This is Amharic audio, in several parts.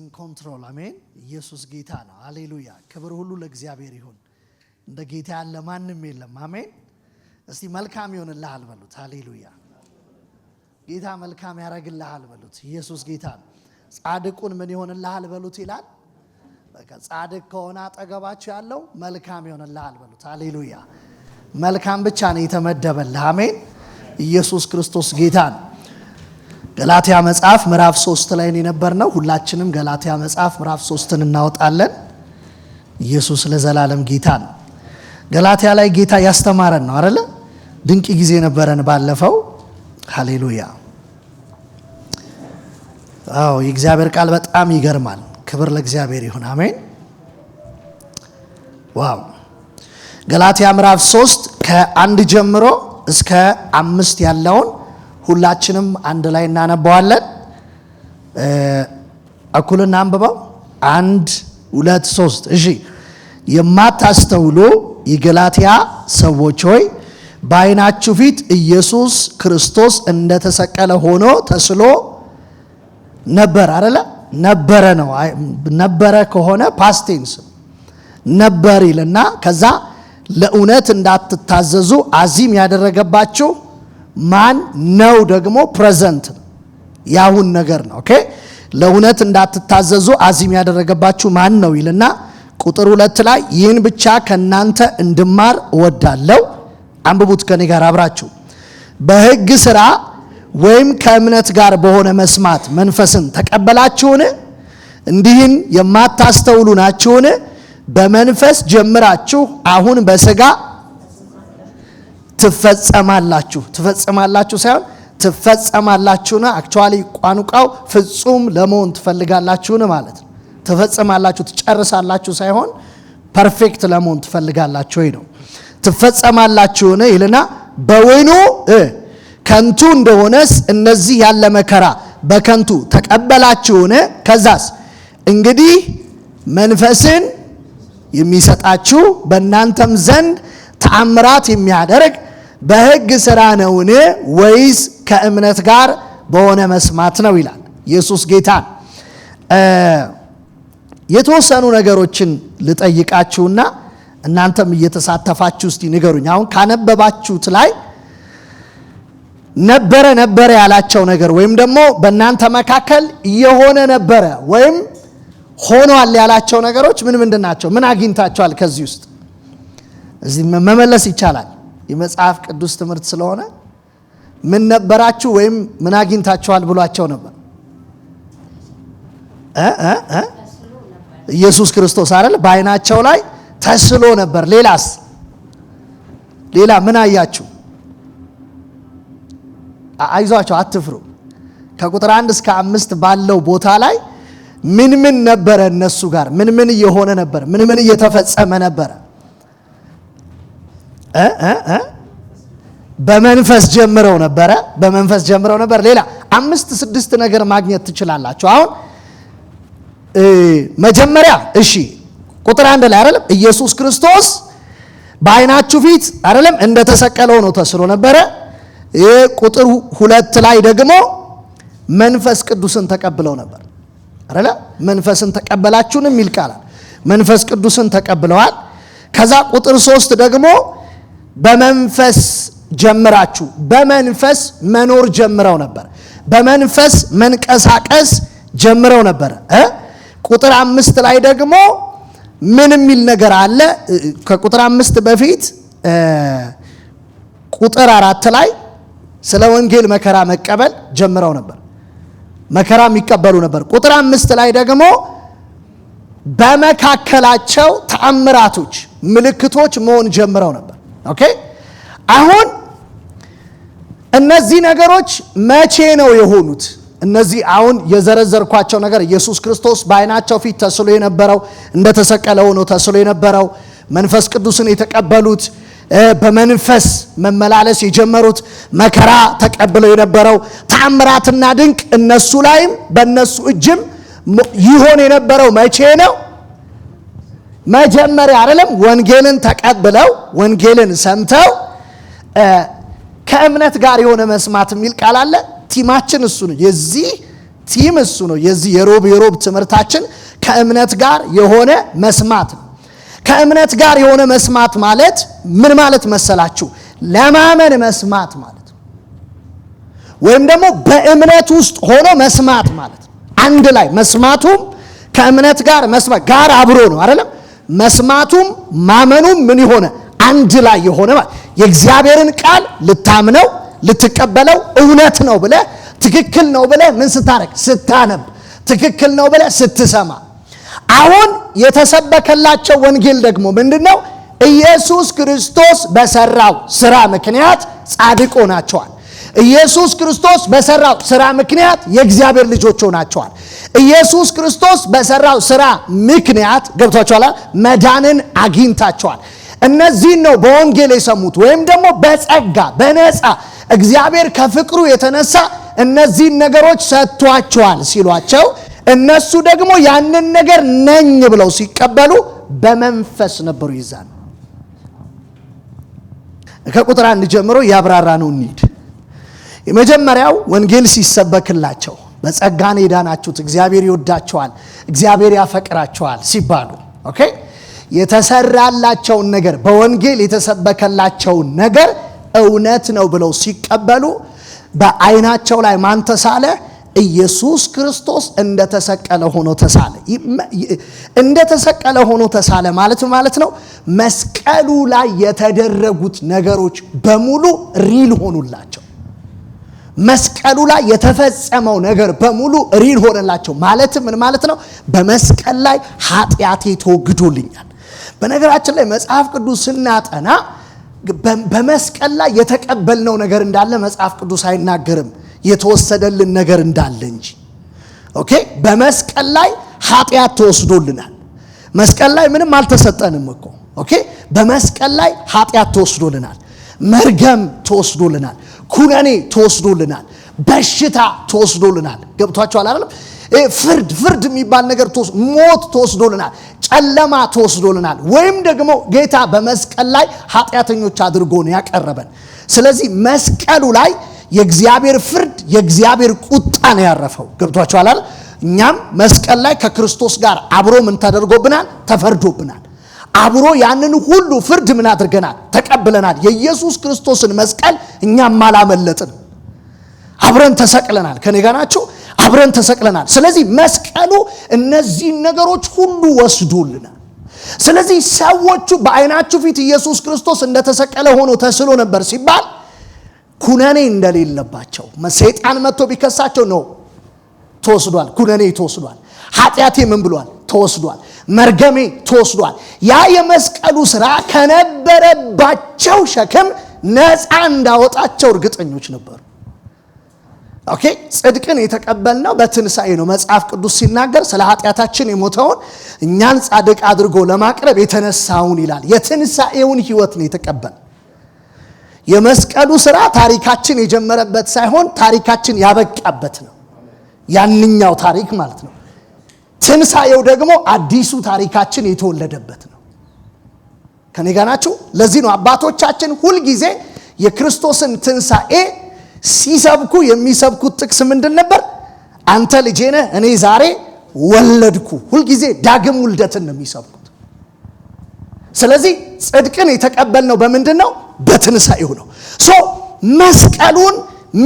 ኢን ኮንትሮል አሜን። ኢየሱስ ጌታ ነው። አሌሉያ። ክብር ሁሉ ለእግዚአብሔር ይሁን። እንደ ጌታ ያለ ማንም የለም። አሜን። እስቲ መልካም ይሆንልሃል በሉት። አሌሉያ። ጌታ መልካም ያደርግልሃል በሉት። ኢየሱስ ጌታ ነው። ጻድቁን ምን ይሆንልሃል በሉት ይላል። በቃ ጻድቅ ከሆነ አጠገባቸው ያለው መልካም ይሆንልሃል በሉት። አሌሉያ። መልካም ብቻ ነው የተመደበልህ። አሜን። ኢየሱስ ክርስቶስ ጌታ ነው። ገላትያ መጽሐፍ ምዕራፍ ሶስት ላይ የነበር ነው። ሁላችንም ገላትያ መጽሐፍ ምዕራፍ ሶስትን እናወጣለን። ኢየሱስ ለዘላለም ጌታ ነው። ገላትያ ላይ ጌታ ያስተማረን ነው አደለ? ድንቅ ጊዜ ነበረን ባለፈው። ሃሌሉያ። አዎ የእግዚአብሔር ቃል በጣም ይገርማል። ክብር ለእግዚአብሔር ይሁን። አሜን። ዋው ገላትያ ምዕራፍ ሶስት ከአንድ ጀምሮ እስከ አምስት ያለውን ሁላችንም አንድ ላይ እናነባዋለን። እኩል እናንብበው። አንድ ሁለት ሶስት። እሺ የማታስተውሉ የገላትያ ሰዎች ሆይ በዓይናችሁ ፊት ኢየሱስ ክርስቶስ እንደተሰቀለ ሆኖ ተስሎ ነበር አደለ? ነበረ ነው። ነበረ ከሆነ ፓስቴንስ ነበር ይልና ከዛ ለእውነት እንዳትታዘዙ አዚም ያደረገባችሁ ማን ነው ደግሞ ፕሬዘንት ያሁን ነገር ነው። ኦኬ ለእውነት እንዳትታዘዙ አዚም ያደረገባችሁ ማን ነው ይልና ቁጥር ሁለት ላይ ይህን ብቻ ከእናንተ እንድማር እወዳለሁ። አንብቡት ከኔ ጋር አብራችሁ። በህግ ስራ ወይም ከእምነት ጋር በሆነ መስማት መንፈስን ተቀበላችሁን? እንዲህን የማታስተውሉ ናችሁን? በመንፈስ ጀምራችሁ አሁን በሥጋ ትፈጸማላችሁ ትፈጽማላችሁ ሳይሆን ትፈጸማላችሁና አክቹዋሊ ቋንቋው ፍጹም ለመሆን ትፈልጋላችሁን ማለት ነው። ትፈጽማላችሁ ትጨርሳላችሁ ሳይሆን ፐርፌክት ለመሆን ትፈልጋላችሁ ወይ ነው። ትፈጸማላችሁን ይልና በውኑ ከንቱ እንደሆነስ እነዚህ ያለ መከራ በከንቱ ተቀበላችሁን? ከዛስ እንግዲህ መንፈስን የሚሰጣችሁ በእናንተም ዘንድ ተአምራት የሚያደርግ በህግ ስራ ነውን ወይስ ከእምነት ጋር በሆነ መስማት ነው ይላል ኢየሱስ ጌታ። የተወሰኑ ነገሮችን ልጠይቃችሁና እናንተም እየተሳተፋችሁ እስቲ ንገሩኝ። አሁን ካነበባችሁት ላይ ነበረ ነበረ ያላቸው ነገር ወይም ደግሞ በእናንተ መካከል እየሆነ ነበረ ወይም ሆኗል ያላቸው ነገሮች ምን ምንድን ናቸው? ምን አግኝታችኋል ከዚህ ውስጥ? እዚህ መመለስ ይቻላል። የመጽሐፍ ቅዱስ ትምህርት ስለሆነ ምን ነበራችሁ ወይም ምን አግኝታችኋል ብሏቸው ነበር። ኢየሱስ ክርስቶስ አይደል? በአይናቸው ላይ ተስሎ ነበር። ሌላስ ሌላ ምን አያችሁ? አይዟቸው፣ አትፍሩ። ከቁጥር አንድ እስከ አምስት ባለው ቦታ ላይ ምን ምን ነበረ? እነሱ ጋር ምን ምን እየሆነ ነበር ምን ምን እየተፈጸመ ነበረ? በመንፈስ ጀምረው ነበረ በመንፈስ ጀምረው ነበር። ሌላ አምስት ስድስት ነገር ማግኘት ትችላላችሁ። አሁን መጀመሪያ እሺ፣ ቁጥር አንድ ላይ አይደለም ኢየሱስ ክርስቶስ በአይናችሁ ፊት አይደለም እንደተሰቀለው ነው ተስሎ ነበረ። ቁጥር ሁለት ላይ ደግሞ መንፈስ ቅዱስን ተቀብለው ነበር አይደለ? መንፈስን ተቀበላችሁን የሚል ቃላል መንፈስ ቅዱስን ተቀብለዋል። ከዛ ቁጥር ሶስት ደግሞ በመንፈስ ጀምራችሁ በመንፈስ መኖር ጀምረው ነበር። በመንፈስ መንቀሳቀስ ጀምረው ነበር። ቁጥር አምስት ላይ ደግሞ ምን የሚል ነገር አለ? ከቁጥር አምስት በፊት ቁጥር አራት ላይ ስለ ወንጌል መከራ መቀበል ጀምረው ነበር። መከራ የሚቀበሉ ነበር። ቁጥር አምስት ላይ ደግሞ በመካከላቸው ተአምራቶች፣ ምልክቶች መሆን ጀምረው ነበር። ኦኬ አሁን እነዚህ ነገሮች መቼ ነው የሆኑት? እነዚህ አሁን የዘረዘርኳቸው ነገር ኢየሱስ ክርስቶስ በአይናቸው ፊት ተስሎ የነበረው እንደተሰቀለ ሆኖ ተስሎ የነበረው መንፈስ ቅዱስን የተቀበሉት በመንፈስ መመላለስ የጀመሩት መከራ ተቀብለው የነበረው ታምራትና ድንቅ እነሱ ላይም በእነሱ እጅም ይሆን የነበረው መቼ ነው? መጀመሪያ አይደለም ወንጌልን ተቀብለው ወንጌልን ሰምተው ከእምነት ጋር የሆነ መስማት የሚል ቃል አለ። ቲማችን እሱ ነው። የዚህ ቲም እሱ ነው። የዚህ የሮብ የሮብ ትምህርታችን ከእምነት ጋር የሆነ መስማት ነው። ከእምነት ጋር የሆነ መስማት ማለት ምን ማለት መሰላችሁ? ለማመን መስማት ማለት ነው። ወይም ደግሞ በእምነት ውስጥ ሆኖ መስማት ማለት አንድ ላይ መስማቱም ከእምነት ጋር መስማት ጋር አብሮ ነው አይደለም። መስማቱም ማመኑም ምን የሆነ አንድ ላይ የሆነ ማለት የእግዚአብሔርን ቃል ልታምነው ልትቀበለው እውነት ነው ብለ ትክክል ነው ብለ ምን ስታረግ ስታነብ ትክክል ነው ብለ ስትሰማ። አሁን የተሰበከላቸው ወንጌል ደግሞ ምንድን ነው? ኢየሱስ ክርስቶስ በሰራው ስራ ምክንያት ጻድቆ ናቸዋል? ኢየሱስ ክርስቶስ በሰራው ስራ ምክንያት የእግዚአብሔር ልጆች ሆናቸዋል። ኢየሱስ ክርስቶስ በሰራው ስራ ምክንያት ገብቷቸኋላ መዳንን አግኝታቸዋል። እነዚህን ነው በወንጌል የሰሙት ወይም ደግሞ በጸጋ በነፃ እግዚአብሔር ከፍቅሩ የተነሳ እነዚህን ነገሮች ሰጥቷቸዋል ሲሏቸው እነሱ ደግሞ ያንን ነገር ነኝ ብለው ሲቀበሉ በመንፈስ ነበሩ። ይዛን ከቁጥር አንድ ጀምሮ ያብራራ ነው እንሂድ የመጀመሪያው ወንጌል ሲሰበክላቸው በጸጋን የዳናችሁት እግዚአብሔር ይወዳቸዋል፣ እግዚአብሔር ያፈቅራቸዋል ሲባሉ ኦኬ የተሰራላቸውን ነገር በወንጌል የተሰበከላቸውን ነገር እውነት ነው ብለው ሲቀበሉ በዓይናቸው ላይ ማን ተሳለ? ኢየሱስ ክርስቶስ እንደተሰቀለ ሆኖ ተሳለ። እንደተሰቀለ ሆኖ ተሳለ ማለት ማለት ነው። መስቀሉ ላይ የተደረጉት ነገሮች በሙሉ ሪል ሆኑላቸው። መስቀሉ ላይ የተፈጸመው ነገር በሙሉ ሪል ሆነላቸው። ማለትም ምን ማለት ነው? በመስቀል ላይ ኃጢአቴ ተወግዶልኛል። በነገራችን ላይ መጽሐፍ ቅዱስ ስናጠና በመስቀል ላይ የተቀበልነው ነገር እንዳለ መጽሐፍ ቅዱስ አይናገርም፣ የተወሰደልን ነገር እንዳለ እንጂ። ኦኬ፣ በመስቀል ላይ ኃጢአት ተወስዶልናል። መስቀል ላይ ምንም አልተሰጠንም እኮ ኦኬ። በመስቀል ላይ ኃጢአት ተወስዶልናል። መርገም ተወስዶልናል። ኩነኔ ተወስዶልናል። በሽታ ተወስዶልናል። ገብቷችኋል አይደለም? ፍርድ ፍርድ የሚባል ነገር ሞት ተወስዶልናል። ጨለማ ተወስዶልናል። ወይም ደግሞ ጌታ በመስቀል ላይ ኃጢአተኞች አድርጎን ያቀረበን። ስለዚህ መስቀሉ ላይ የእግዚአብሔር ፍርድ የእግዚአብሔር ቁጣ ነው ያረፈው። ገብቷችኋል አይደል? እኛም መስቀል ላይ ከክርስቶስ ጋር አብሮ ምን ተደርጎብናል? ተፈርዶብናል። አብሮ ያንን ሁሉ ፍርድ ምን አድርገናል? ተቀብለናል። የኢየሱስ ክርስቶስን መስቀል እኛም አላመለጥን። አብረን ተሰቅለናል። ከኔ ጋር አብረን ተሰቅለናል። ስለዚህ መስቀሉ እነዚህን ነገሮች ሁሉ ወስዶልናል። ስለዚህ ሰዎቹ በዓይናችሁ ፊት ኢየሱስ ክርስቶስ እንደተሰቀለ ሆኖ ተስሎ ነበር ሲባል ኩነኔ እንደሌለባቸው ሰይጣን መጥቶ ቢከሳቸው ነው ተወስዷል። ኩነኔ ተወስዷል። ኃጢአቴ ምን ብሏል? ተወስዷል። መርገሜ ተወስዷል። ያ የመስቀሉ ስራ ከነበረባቸው ሸክም ነፃ እንዳወጣቸው እርግጠኞች ነበሩ። ኦኬ ጽድቅን የተቀበልነው በትንሣኤ ነው። መጽሐፍ ቅዱስ ሲናገር ስለ ኃጢአታችን የሞተውን እኛን ጻድቅ አድርጎ ለማቅረብ የተነሳውን ይላል። የትንሣኤውን ህይወት ነው የተቀበል። የመስቀሉ ስራ ታሪካችን የጀመረበት ሳይሆን ታሪካችን ያበቃበት ነው። ያንኛው ታሪክ ማለት ነው። ትንሣኤው ደግሞ አዲሱ ታሪካችን የተወለደበት ነው። ከኔ ጋር ናችሁ? ለዚህ ነው አባቶቻችን ሁልጊዜ የክርስቶስን ትንሣኤ ሲሰብኩ የሚሰብኩት ጥቅስ ምንድን ነበር? አንተ ልጄ ነህ፣ እኔ ዛሬ ወለድኩ። ሁልጊዜ ዳግም ውልደትን ነው የሚሰብኩት። ስለዚህ ጽድቅን የተቀበልነው በምንድን ነው? በትንሣኤው ነው። ሶ መስቀሉን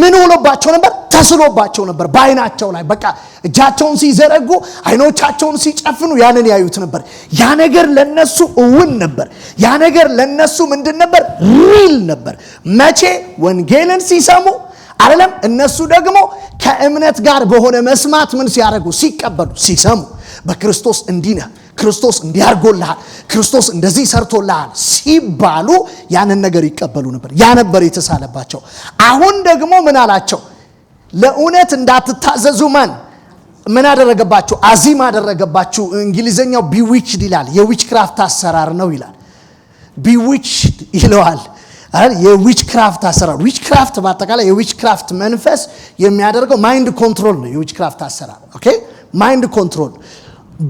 ምን ሆኖባቸው ነበር? ተስሎባቸው ነበር። በአይናቸው ላይ በቃ እጃቸውን ሲዘረጉ አይኖቻቸውን ሲጨፍኑ ያንን ያዩት ነበር። ያ ነገር ለነሱ እውን ነበር። ያ ነገር ለነሱ ምንድን ነበር? ሪል ነበር። መቼ ወንጌልን ሲሰሙ አይደለም፣ እነሱ ደግሞ ከእምነት ጋር በሆነ መስማት ምን ሲያደርጉ ሲቀበሉ ሲሰሙ በክርስቶስ እንዲህ ነህ ክርስቶስ እንዲያርጎልሃል፣ ክርስቶስ እንደዚህ ሰርቶልሃል ሲባሉ ያንን ነገር ይቀበሉ ነበር። ያ ነበር የተሳለባቸው። አሁን ደግሞ ምን አላቸው? ለእውነት እንዳትታዘዙ ማን ምን አደረገባችሁ? አዚም አደረገባችሁ። እንግሊዘኛው ቢዊችድ ይላል። የዊችክራፍት አሰራር ነው ይላል። ቢዊችድ ይለዋል የዊችክራፍት አሰራር ዊችክራፍት በአጠቃላይ የዊችክራፍት መንፈስ የሚያደርገው ማይንድ ኮንትሮል ነው። የዊችክራፍት አሰራር ማይንድ ኮንትሮል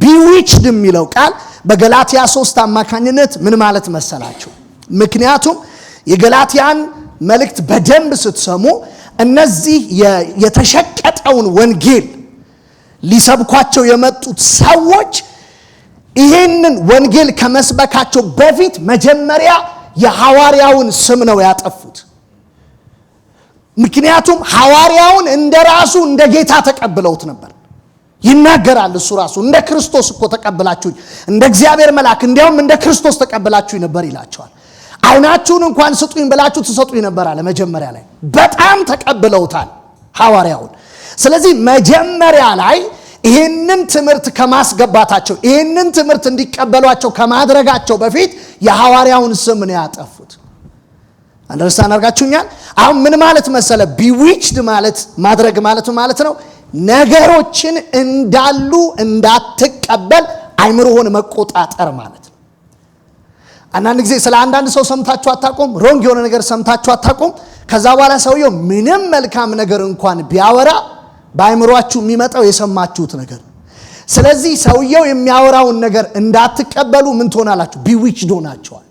ቢዊችድ የሚለው ቃል በገላትያ ሶስት አማካኝነት ምን ማለት መሰላችሁ? ምክንያቱም የገላትያን መልእክት በደንብ ስትሰሙ እነዚህ የተሸቀጠውን ወንጌል ሊሰብኳቸው የመጡት ሰዎች ይህንን ወንጌል ከመስበካቸው በፊት መጀመሪያ የሐዋርያውን ስም ነው ያጠፉት። ምክንያቱም ሐዋርያውን እንደ ራሱ እንደ ጌታ ተቀብለውት ነበር። ይናገራል እሱ ራሱ እንደ ክርስቶስ እኮ ተቀብላችሁኝ፣ እንደ እግዚአብሔር መልአክ እንዲያውም እንደ ክርስቶስ ተቀብላችሁኝ ነበር ይላቸዋል። አይናችሁን እንኳን ስጡኝ ብላችሁ ትሰጡኝ ነበር አለ። መጀመሪያ ላይ በጣም ተቀብለውታል ሐዋርያውን። ስለዚህ መጀመሪያ ላይ ይህንን ትምህርት ከማስገባታቸው ይህንን ትምህርት እንዲቀበሏቸው ከማድረጋቸው በፊት የሐዋርያውን ስም ነው ያጠፉት። አንደርስታንድ አድርጋችሁኛል? አሁን ምን ማለት መሰለ ቢዊችድ ማለት ማድረግ ማለት ማለት ነው ነገሮችን እንዳሉ እንዳትቀበል ሆነ መቆጣጠር ማለት ነው። አንዳንድ ጊዜ ስለ አንዳንድ ሰው ሰምታችሁ አታቆም፣ ሮንግ የሆነ ነገር ሰምታችሁ አታቆም። ከዛ በኋላ ሰውየው ምንም መልካም ነገር እንኳን ቢያወራ በአይምሯችሁ የሚመጣው የሰማችሁት ነገር ነው። ስለዚህ ሰውየው የሚያወራውን ነገር እንዳትቀበሉ ምን ትሆናላችሁ? ቢዊችዶ ናቸዋል።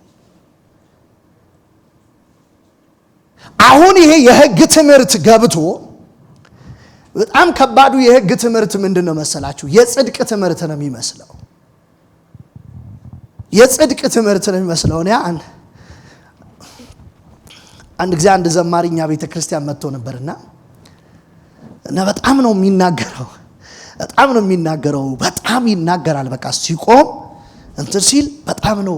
አሁን ይሄ የህግ ትምህርት ገብቶ በጣም ከባዱ የህግ ትምህርት ምንድን ነው መሰላችሁ? የጽድቅ ትምህርት ነው የሚመስለው። የጽድቅ ትምህርት ነው የሚመስለው። እኔ አንድ አንድ ጊዜ አንድ ዘማሪኛ እኛ ቤተ ክርስቲያን መጥቶ ነበርና እና በጣም ነው የሚናገረው፣ በጣም ነው የሚናገረው፣ በጣም ይናገራል። በቃ ሲቆም እንትን ሲል በጣም ነው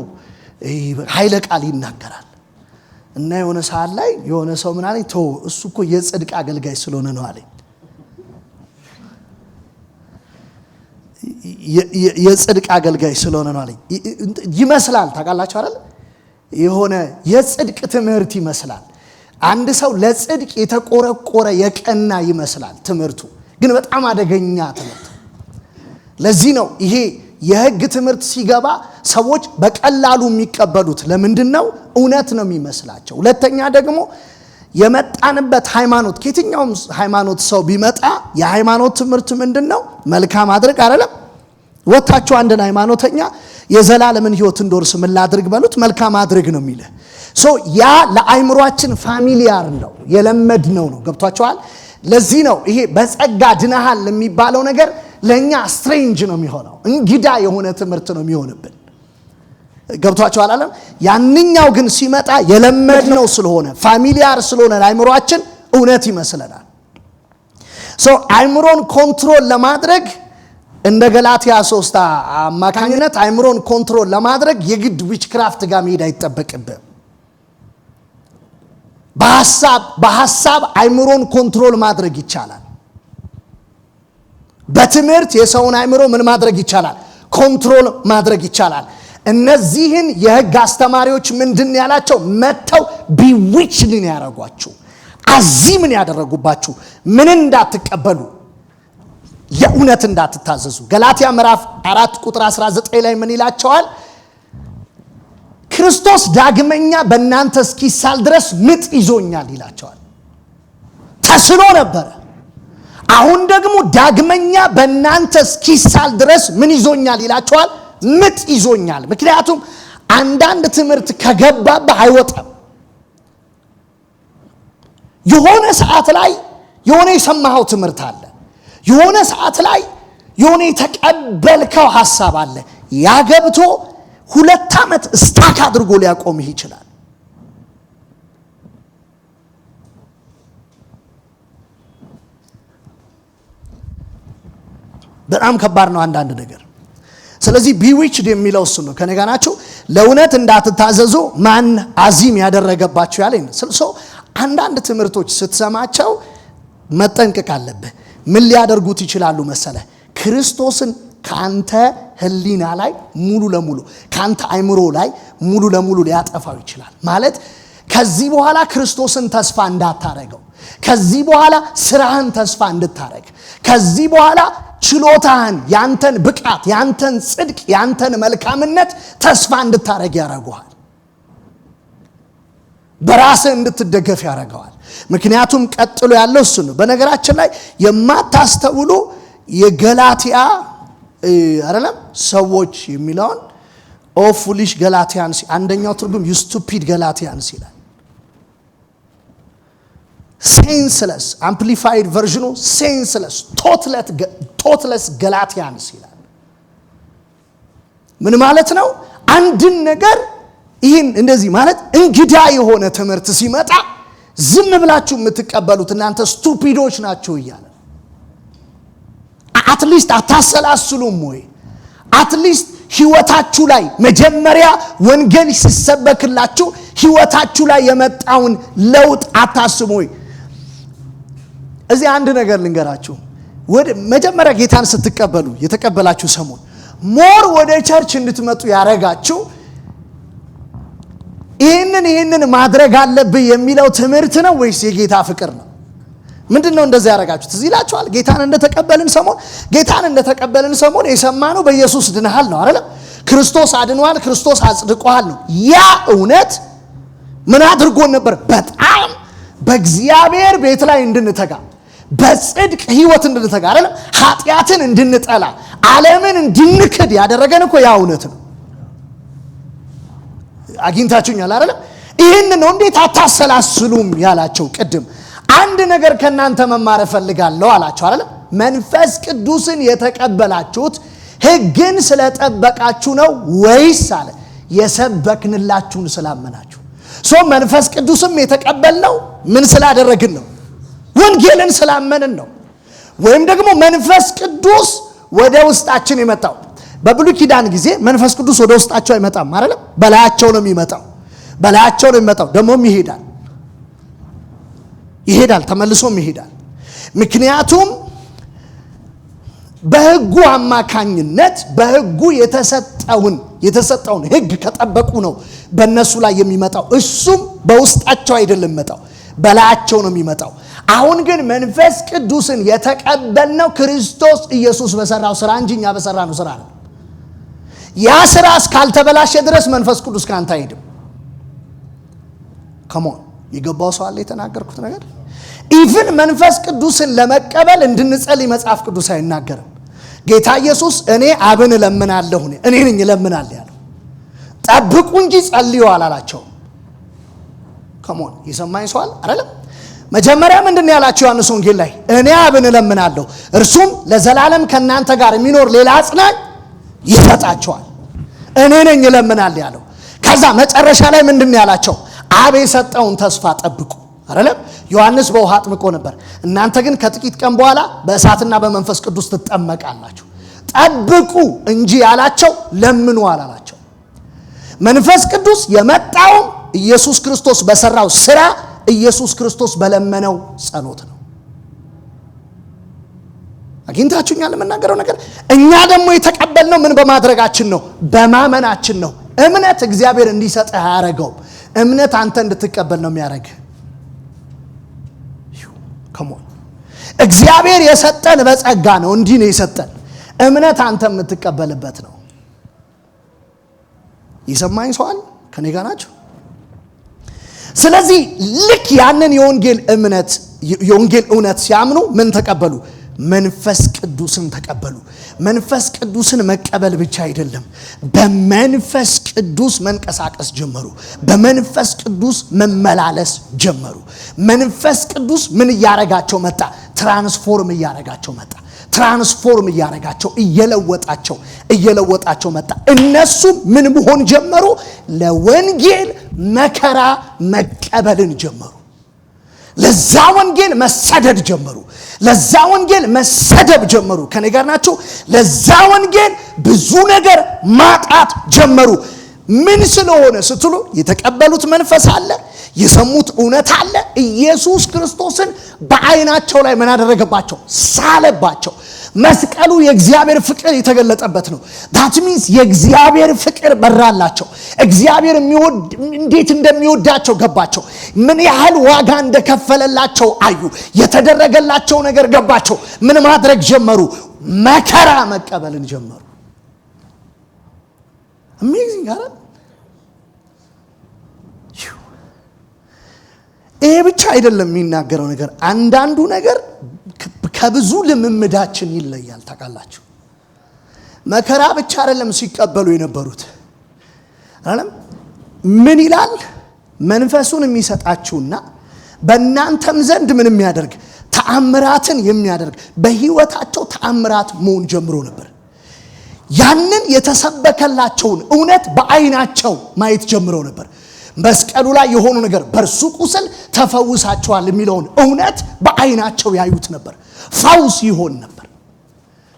ኃይለ ቃል ይናገራል። እና የሆነ ሰዓት ላይ የሆነ ሰው ምን አለኝ፣ ተው እሱ እኮ የጽድቅ አገልጋይ ስለሆነ ነው አለኝ የጽድቅ አገልጋይ ስለሆነ ነው አለኝ። ይመስላል ታውቃላችሁ አይደል? የሆነ የጽድቅ ትምህርት ይመስላል። አንድ ሰው ለጽድቅ የተቆረቆረ የቀና ይመስላል ትምህርቱ፣ ግን በጣም አደገኛ ትምህርት። ለዚህ ነው ይሄ የህግ ትምህርት ሲገባ ሰዎች በቀላሉ የሚቀበሉት። ለምንድን ነው? እውነት ነው የሚመስላቸው። ሁለተኛ ደግሞ የመጣንበት ሃይማኖት፣ ከየትኛውም ሃይማኖት ሰው ቢመጣ የሃይማኖት ትምህርት ምንድን ነው? መልካም አድርግ አይደለም ወታችሁ አንድን ሃይማኖተኛ የዘላለምን ህይወት እንዶርስ ምን ላድርግ በሉት፣ መልካም አድርግ ነው የሚል ሶ ያ ለአይምሯችን ፋሚሊያር ነው የለመድ ነው ነው ገብቷችኋል። ለዚህ ነው ይሄ በጸጋ ድነሃል የሚባለው ነገር ለእኛ ስትሬንጅ ነው የሚሆነው፣ እንግዳ የሆነ ትምህርት ነው የሚሆንብን። ገብቷችኋል አለም። ያንኛው ግን ሲመጣ የለመድ ነው ስለሆነ ፋሚሊያር ስለሆነ ለአይምሯችን እውነት ይመስለናል። ሶ አይምሮን ኮንትሮል ለማድረግ እንደ ገላትያ ሶስት አማካኝነት አይምሮን ኮንትሮል ለማድረግ የግድ ዊችክራፍት ጋር መሄድ አይጠበቅብም። በሀሳብ አይምሮን ኮንትሮል ማድረግ ይቻላል። በትምህርት የሰውን አይምሮ ምን ማድረግ ይቻላል? ኮንትሮል ማድረግ ይቻላል። እነዚህን የህግ አስተማሪዎች ምንድን ያላቸው መጥተው ቢዊችልን ያደረጓችሁ አዚምን ያደረጉባችሁ ምን እንዳትቀበሉ የእውነት እንዳትታዘዙ። ገላትያ ምዕራፍ አራት ቁጥር 19 ላይ ምን ይላቸዋል? ክርስቶስ ዳግመኛ በእናንተ እስኪሳል ድረስ ምጥ ይዞኛል ይላቸዋል። ተስኖ ነበረ። አሁን ደግሞ ዳግመኛ በእናንተ እስኪሳል ድረስ ምን ይዞኛል ይላቸዋል? ምጥ ይዞኛል። ምክንያቱም አንዳንድ ትምህርት ከገባብህ አይወጣም። የሆነ ሰዓት ላይ የሆነ የሰማኸው ትምህርት አለ የሆነ ሰዓት ላይ የሆነ የተቀበልከው ሀሳብ አለ። ያ ገብቶ ሁለት ዓመት ስታክ አድርጎ ሊያቆምህ ይችላል። በጣም ከባድ ነው አንዳንድ ነገር። ስለዚህ ቢዊችድ የሚለው እሱ ነው። ከነጋ ናችሁ ለእውነት እንዳትታዘዙ ማን አዚም ያደረገባችሁ ያለኝ ነው። አንዳንድ ትምህርቶች ስትሰማቸው መጠንቀቅ አለብህ። ምን ሊያደርጉት ይችላሉ መሰለ? ክርስቶስን ካንተ ህሊና ላይ ሙሉ ለሙሉ ካንተ አይምሮ ላይ ሙሉ ለሙሉ ሊያጠፋው ይችላል። ማለት ከዚህ በኋላ ክርስቶስን ተስፋ እንዳታረገው፣ ከዚህ በኋላ ስራህን ተስፋ እንድታረግ፣ ከዚህ በኋላ ችሎታህን፣ ያንተን ብቃት፣ ያንተን ጽድቅ፣ ያንተን መልካምነት ተስፋ እንድታረግ ያረጉሃል በራስህ እንድትደገፍ ያደርገዋል። ምክንያቱም ቀጥሎ ያለው እሱ ነው። በነገራችን ላይ የማታስተውሉ የገላትያ አይደለም ሰዎች የሚለውን ኦ ፉሊሽ ገላትያንስ፣ አንደኛው ትርጉም ዩስቱፒድ ገላትያንስ ይላል። ሴንስለስ አምፕሊፋይድ ቨርዥኑ ሴንስለስ ቶትለስ ገላትያንስ ይላል። ምን ማለት ነው? አንድን ነገር ይህን እንደዚህ ማለት እንግዳ የሆነ ትምህርት ሲመጣ ዝም ብላችሁ የምትቀበሉት እናንተ ስቱፒዶች ናቸው እያለ አትሊስት አታሰላስሉም ወይ? አትሊስት ህይወታችሁ ላይ መጀመሪያ ወንጌል ሲሰበክላችሁ ህይወታችሁ ላይ የመጣውን ለውጥ አታስቡ ወይ? እዚህ አንድ ነገር ልንገራችሁ። ወደ መጀመሪያ ጌታን ስትቀበሉ የተቀበላችሁ ሰሞን ሞር ወደ ቸርች እንድትመጡ ያረጋችሁ ይህንን ይህንን ማድረግ አለብህ የሚለው ትምህርት ነው ወይስ የጌታ ፍቅር ነው? ምንድን ነው እንደዚህ ያደረጋችሁት? እዚህ ይላችኋል። ጌታን እንደተቀበልን ሰሞን ጌታን እንደተቀበልን ሰሞን የሰማነው በኢየሱስ ድንሃል ነው አይደለም? ክርስቶስ አድኗል፣ ክርስቶስ አጽድቆሃል ነው። ያ እውነት ምን አድርጎን ነበር? በጣም በእግዚአብሔር ቤት ላይ እንድንተጋ በጽድቅ ህይወት እንድንተጋ አይደለም፣ ኃጢአትን እንድንጠላ ዓለምን እንድንክድ ያደረገን እኮ ያ እውነት ነው። አግኝታችሁኛል አይደለም? ይህን ነው እንዴት አታሰላስሉም ያላቸው። ቅድም አንድ ነገር ከእናንተ መማር እፈልጋለሁ አላቸው አይደለም? መንፈስ ቅዱስን የተቀበላችሁት ህግን ስለጠበቃችሁ ነው ወይስ አለ የሰበክንላችሁን ስላመናችሁ። ሶ መንፈስ ቅዱስም የተቀበልነው ምን ስላደረግን ነው? ወንጌልን ስላመንን ነው። ወይም ደግሞ መንፈስ ቅዱስ ወደ ውስጣችን የመጣው በብሉይ ኪዳን ጊዜ መንፈስ ቅዱስ ወደ ውስጣቸው አይመጣም አይደለም። በላያቸው ነው የሚመጣው፣ በላያቸው ነው የሚመጣው። ደግሞም ይሄዳል ይሄዳል፣ ተመልሶም ይሄዳል። ምክንያቱም በህጉ አማካኝነት በህጉ የተሰጠውን የተሰጠውን ህግ ከጠበቁ ነው በእነሱ ላይ የሚመጣው። እሱም በውስጣቸው አይደለም መጣው፣ በላያቸው ነው የሚመጣው። አሁን ግን መንፈስ ቅዱስን የተቀበልነው ክርስቶስ ኢየሱስ በሰራው ስራ እንጂ እኛ በሰራ ነው ስራ ነው። ያ ስራ እስካልተበላሸ ድረስ መንፈስ ቅዱስ ከአንተ አይሄድም። ከሞን የገባው ሰው አለ። የተናገርኩት ነገር ኢቭን መንፈስ ቅዱስን ለመቀበል እንድንጸልይ መጽሐፍ ቅዱስ አይናገርም። ጌታ ኢየሱስ እኔ አብን እለምናለሁ እኔ ነኝ እለምናለሁ ያለው፣ ጠብቁ እንጂ ጸልዩ አላላቸውም። ከሞን የሰማኝ ሰዋል አይደለም? መጀመሪያ ምንድን ያላቸው ዮሐንስ ወንጌል ላይ እኔ አብን እለምናለሁ እርሱም ለዘላለም ከእናንተ ጋር የሚኖር ሌላ አጽናኝ ይሰጣቸዋል። እኔ ነኝ እለምናል ያለው። ከዛ መጨረሻ ላይ ምንድን ያላቸው? አብ የሰጠውን ተስፋ ጠብቁ አይደለም። ዮሐንስ በውሃ አጥምቆ ነበር። እናንተ ግን ከጥቂት ቀን በኋላ በእሳትና በመንፈስ ቅዱስ ትጠመቃላችሁ። ጠብቁ እንጂ ያላቸው ለምኑ አላላቸው። መንፈስ ቅዱስ የመጣውም ኢየሱስ ክርስቶስ በሰራው ስራ፣ ኢየሱስ ክርስቶስ በለመነው ጸሎት ነው። አግኝታችሁኛል የምናገረው ነገር እኛ ደግሞ የተቀበልነው ምን በማድረጋችን ነው? በማመናችን ነው። እምነት እግዚአብሔር እንዲሰጥ አያረገውም። እምነት አንተ እንድትቀበል ነው የሚያደረግ። እግዚአብሔር የሰጠን በጸጋ ነው። እንዲህ ነው የሰጠን። እምነት አንተ የምትቀበልበት ነው። ይሰማኝ ሰዋል ከኔ ጋር ናቸው። ስለዚህ ልክ ያንን የወንጌል እምነት የወንጌል እውነት ሲያምኑ ምን ተቀበሉ? መንፈስ ቅዱስን ተቀበሉ። መንፈስ ቅዱስን መቀበል ብቻ አይደለም፣ በመንፈስ ቅዱስ መንቀሳቀስ ጀመሩ። በመንፈስ ቅዱስ መመላለስ ጀመሩ። መንፈስ ቅዱስ ምን እያረጋቸው መጣ? ትራንስፎርም እያረጋቸው መጣ። ትራንስፎርም እያረጋቸው እየለወጣቸው እየለወጣቸው መጣ። እነሱም ምን መሆን ጀመሩ? ለወንጌል መከራ መቀበልን ጀመሩ። ለዛ ወንጌል መሰደድ ጀመሩ። ለዛ ወንጌል መሰደብ ጀመሩ። ከኔ ጋር ናቸው። ለዛ ወንጌል ብዙ ነገር ማጣት ጀመሩ። ምን ስለሆነ ስትሉ የተቀበሉት መንፈስ አለ፣ የሰሙት እውነት አለ። ኢየሱስ ክርስቶስን በዓይናቸው ላይ ምን አደረገባቸው? ሳለባቸው። መስቀሉ የእግዚአብሔር ፍቅር የተገለጠበት ነው። ዳት ሚንስ የእግዚአብሔር ፍቅር በራላቸው። እግዚአብሔር እንዴት እንደሚወዳቸው ገባቸው። ምን ያህል ዋጋ እንደከፈለላቸው አዩ። የተደረገላቸው ነገር ገባቸው። ምን ማድረግ ጀመሩ? መከራ መቀበልን ጀመሩ። ይሄ ብቻ አይደለም የሚናገረው ነገር አንዳንዱ ነገር ከብዙ ልምምዳችን ይለያል። ታውቃላችሁ፣ መከራ ብቻ አይደለም ሲቀበሉ የነበሩት አለም ምን ይላል? መንፈሱን የሚሰጣችሁና በእናንተም ዘንድ ምን የሚያደርግ ተአምራትን የሚያደርግ በህይወታቸው ተአምራት መሆን ጀምሮ ነበር። ያንን የተሰበከላቸውን እውነት በአይናቸው ማየት ጀምረው ነበር። መስቀሉ ላይ የሆኑ ነገር በእርሱ ቁስል ተፈውሳቸዋል የሚለውን እውነት በአይናቸው ያዩት ነበር። ፋውስ ይሆን ነበር።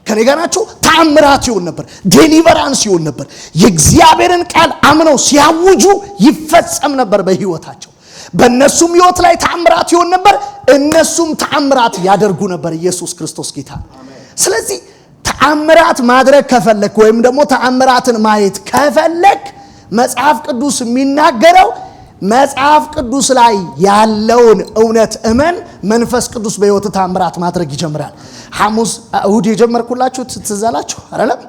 ከኔ ጋር ናቸው። ተአምራት ይሆን ነበር። ዴሊቨራንስ ይሆን ነበር። የእግዚአብሔርን ቃል አምነው ሲያውጁ ይፈጸም ነበር በህይወታቸው በእነሱም ህይወት ላይ ተአምራት ይሆን ነበር። እነሱም ተአምራት ያደርጉ ነበር። ኢየሱስ ክርስቶስ ጌታ። ስለዚህ ተአምራት ማድረግ ከፈለክ ወይም ደግሞ ተአምራትን ማየት ከፈለክ መጽሐፍ ቅዱስ የሚናገረው መጽሐፍ ቅዱስ ላይ ያለውን እውነት እመን፣ መንፈስ ቅዱስ በሕይወት ታምራት ማድረግ ይጀምራል። ሐሙስ እሁድ የጀመርኩላችሁ ትዝ አላችሁ አይደለም?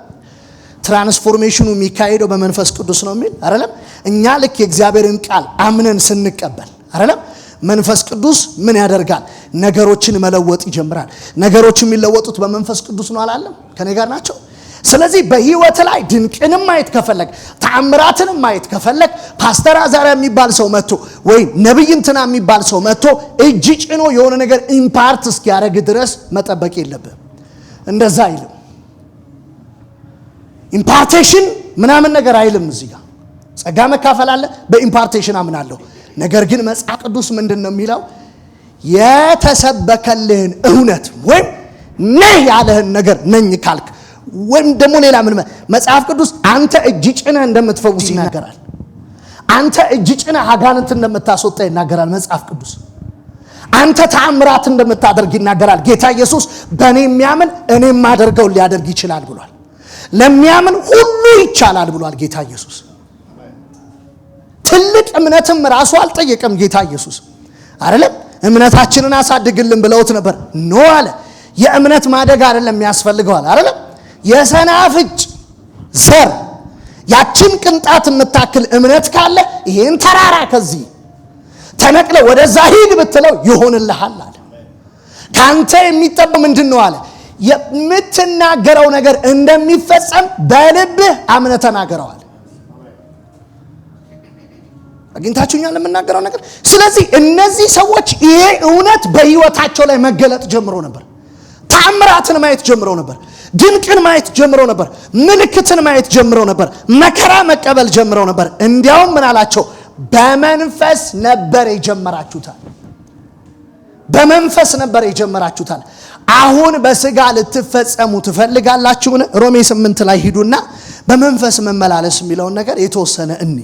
ትራንስፎርሜሽኑ የሚካሄደው በመንፈስ ቅዱስ ነው የሚል አይደለም? እኛ ልክ የእግዚአብሔርን ቃል አምነን ስንቀበል አይደለም? መንፈስ ቅዱስ ምን ያደርጋል? ነገሮችን መለወጥ ይጀምራል። ነገሮች የሚለወጡት በመንፈስ ቅዱስ ነው አላለም? ከኔ ጋር ናቸው። ስለዚህ በህይወት ላይ ድንቅንም ማየት ከፈለግ ተአምራትንም ማየት ከፈለግ ፓስተር አዛሪያ የሚባል ሰው መጥቶ ወይም ነቢይ እንትና የሚባል ሰው መጥቶ እጅ ጭኖ የሆነ ነገር ኢምፓርት እስኪያደረግ ድረስ መጠበቅ የለብህም። እንደዛ አይልም። ኢምፓርቴሽን ምናምን ነገር አይልም። እዚህ ጋር ጸጋ መካፈል አለ። በኢምፓርቴሽን አምናለሁ። ነገር ግን መጽሐፍ ቅዱስ ምንድን ነው የሚለው? የተሰበከልህን እውነት ወይም ነህ ያለህን ነገር ነኝ ካልክ ወይም ደግሞ ሌላ ምን መጽሐፍ ቅዱስ አንተ እጅ ጭነህ እንደምትፈውስ ይናገራል። አንተ እጅ ጭነህ አጋንንት እንደምታስወጣ ይናገራል መጽሐፍ ቅዱስ። አንተ ተአምራት እንደምታደርግ ይናገራል ጌታ ኢየሱስ። በእኔ የሚያምን እኔ የማደርገው ሊያደርግ ይችላል ብሏል። ለሚያምን ሁሉ ይቻላል ብሏል ጌታ ኢየሱስ። ትልቅ እምነትም ራሱ አልጠየቀም ጌታ ኢየሱስ አይደለም። እምነታችንን አሳድግልን ብለውት ነበር። ኖ አለ። የእምነት ማደግ አይደለም የሚያስፈልገዋል አይደለም የሰናፍጭ ዘር ያችን ቅንጣት የምታክል እምነት ካለ ይህን ተራራ ከዚህ ተነቅለ ወደዛ ሂድ ብትለው ይሆንልሃል አለ። ከአንተ የሚጠበው ምንድን ነው አለ የምትናገረው ነገር እንደሚፈጸም በልብህ አምነ ተናገረዋል። አግኝታችሁኛል የምናገረው ነገር። ስለዚህ እነዚህ ሰዎች ይሄ እውነት በህይወታቸው ላይ መገለጥ ጀምሮ ነበር። ተአምራትን ማየት ጀምሮ ነበር። ድንቅን ማየት ጀምረው ነበር። ምልክትን ማየት ጀምረው ነበር። መከራ መቀበል ጀምረው ነበር። እንዲያውም ምን አላቸው? በመንፈስ ነበር የጀመራችሁታል። በመንፈስ ነበር የጀመራችሁታል። አሁን በስጋ ልትፈጸሙ ትፈልጋላችሁን? ሮሜ ስምንት ላይ ሂዱና በመንፈስ መመላለስ የሚለውን ነገር የተወሰነ እኔ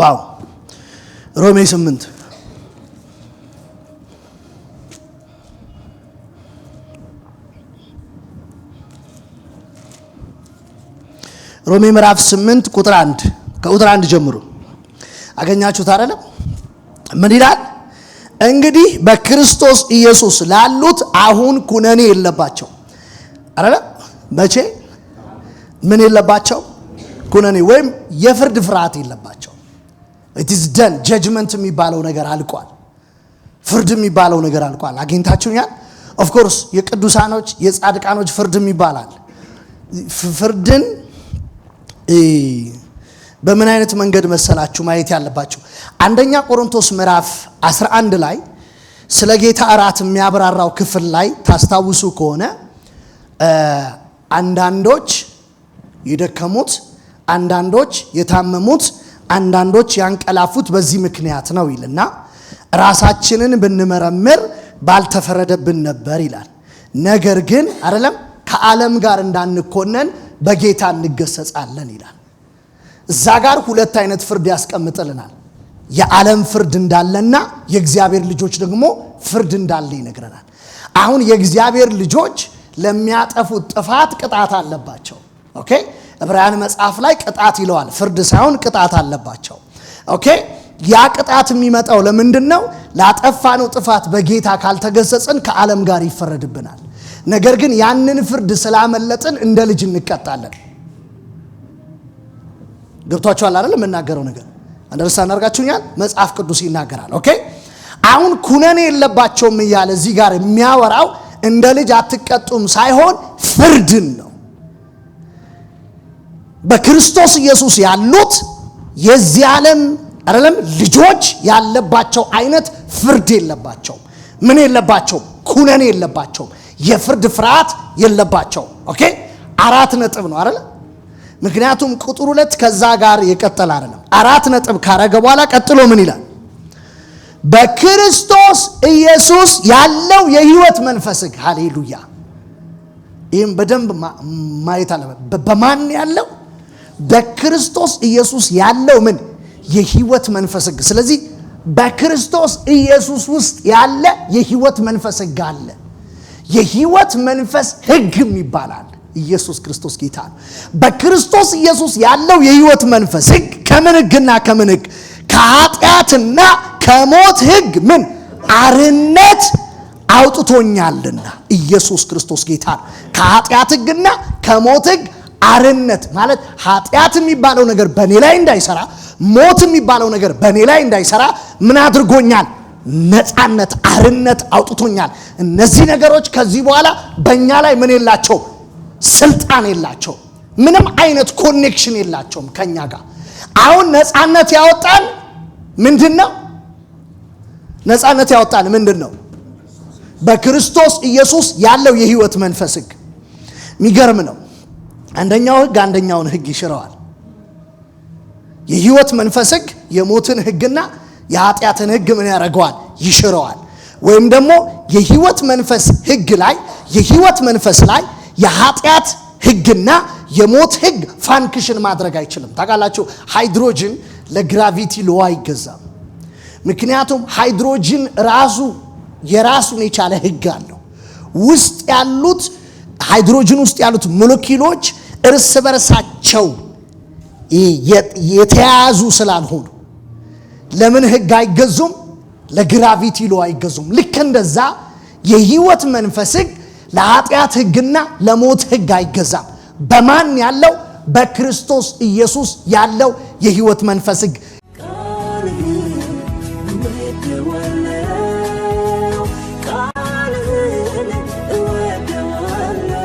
ዋው ሮሜ ስምንት ሮሜ ምዕራፍ ስምንት ቁጥር አንድ ከቁጥር አንድ ጀምሮ አገኛችሁት አይደለም? ምን ይላል? እንግዲህ በክርስቶስ ኢየሱስ ላሉት አሁን ኩነኔ የለባቸው አይደለም። መቼ ምን የለባቸው? ኩነኔ ወይም የፍርድ ፍርሃት የለባቸው ኢትስ ደን ጀጅመንት የሚባለው ነገር አልቋል። ፍርድ የሚባለው ነገር አልቋል። አግኝታችሁኛል። ኦፍኮርስ የቅዱሳኖች የጻድቃኖች ፍርድ ይባላል። ፍርድን በምን አይነት መንገድ መሰላችሁ ማየት ያለባችሁ? አንደኛ ቆሮንቶስ ምዕራፍ 11 ላይ ስለ ጌታ እራት የሚያብራራው ክፍል ላይ ታስታውሱ ከሆነ አንዳንዶች የደከሙት፣ አንዳንዶች የታመሙት አንዳንዶች ያንቀላፉት በዚህ ምክንያት ነው ይልና ራሳችንን ብንመረምር ባልተፈረደብን ነበር ይላል። ነገር ግን አይደለም ከዓለም ጋር እንዳንኮነን በጌታ እንገሰጻለን ይላል። እዛ ጋር ሁለት አይነት ፍርድ ያስቀምጥልናል። የዓለም ፍርድ እንዳለና የእግዚአብሔር ልጆች ደግሞ ፍርድ እንዳለ ይነግረናል። አሁን የእግዚአብሔር ልጆች ለሚያጠፉት ጥፋት ቅጣት አለባቸው። ኦኬ ዕብራውያን መጽሐፍ ላይ ቅጣት ይለዋል። ፍርድ ሳይሆን ቅጣት አለባቸው። ኦኬ ያ ቅጣት የሚመጣው ለምንድን ነው? ላጠፋነው ጥፋት በጌታ ካልተገሰጽን ከዓለም ጋር ይፈረድብናል። ነገር ግን ያንን ፍርድ ስላመለጥን እንደ ልጅ እንቀጣለን። ገብቷችኋል አይደል? የምናገረው ነገር አንደርስታንድ አድርጋችሁኛል? መጽሐፍ ቅዱስ ይናገራል። ኦኬ አሁን ኩነኔ የለባቸውም እያለ እዚህ ጋር የሚያወራው እንደ ልጅ አትቀጡም ሳይሆን ፍርድን ነው። በክርስቶስ ኢየሱስ ያሉት የዚህ ዓለም አይደለም ልጆች ያለባቸው አይነት ፍርድ የለባቸውም። ምን የለባቸውም? ኩነን የለባቸውም። የፍርድ ፍርሃት የለባቸውም። ኦኬ አራት ነጥብ ነው አይደለ? ምክንያቱም ቁጥር ሁለት ከዛ ጋር የቀጠለ አይደለም። አራት ነጥብ ካረገ በኋላ ቀጥሎ ምን ይላል? በክርስቶስ ኢየሱስ ያለው የህይወት መንፈስህ። ሃሌሉያ! ይህም በደንብ ማየት አለበት። በማን ያለው በክርስቶስ ኢየሱስ ያለው ምን የህይወት መንፈስ ህግ። ስለዚህ በክርስቶስ ኢየሱስ ውስጥ ያለ የህይወት መንፈስ ህግ አለ። የህይወት መንፈስ ህግም ይባላል። ኢየሱስ ክርስቶስ ጌታ ነው። በክርስቶስ ኢየሱስ ያለው የህይወት መንፈስ ህግ ከምን ህግና ከምን ህግ? ከኃጢአትና ከሞት ህግ ምን አርነት አውጥቶኛልና። ኢየሱስ ክርስቶስ ጌታ ነው። ከኃጢአት ህግና ከሞት ህግ አርነት ማለት ኃጢአት የሚባለው ነገር በእኔ ላይ እንዳይሰራ፣ ሞት የሚባለው ነገር በእኔ ላይ እንዳይሰራ ምን አድርጎኛል? ነፃነት፣ አርነት አውጥቶኛል። እነዚህ ነገሮች ከዚህ በኋላ በእኛ ላይ ምን የላቸው? ስልጣን የላቸው። ምንም አይነት ኮኔክሽን የላቸውም ከእኛ ጋር። አሁን ነፃነት ያወጣን ምንድን ነው? ነፃነት ያወጣን ምንድን ነው? በክርስቶስ ኢየሱስ ያለው የህይወት መንፈስ ህግ። የሚገርም ነው። አንደኛው ህግ አንደኛውን ህግ ይሽረዋል። የህይወት መንፈስ ህግ የሞትን ህግና የኃጢአትን ህግ ምን ያደርገዋል? ይሽረዋል። ወይም ደግሞ የህይወት መንፈስ ህግ ላይ የህይወት መንፈስ ላይ የኃጢአት ህግና የሞት ህግ ፋንክሽን ማድረግ አይችልም። ታውቃላችሁ ሃይድሮጅን ለግራቪቲ ሎ አይገዛም። ምክንያቱም ሃይድሮጅን ራሱ የራሱን የቻለ ህግ አለው። ውስጥ ያሉት ሃይድሮጅን ውስጥ ያሉት ሞለኪውሎች እርስ በርሳቸው የተያያዙ ስላልሆኑ ለምን ህግ አይገዙም? ለግራቪቲ ሎ አይገዙም። ልክ እንደዛ የህይወት መንፈስ ህግ ለኃጢአት ህግና ለሞት ህግ አይገዛም። በማን ያለው? በክርስቶስ ኢየሱስ ያለው የህይወት መንፈስ ህግ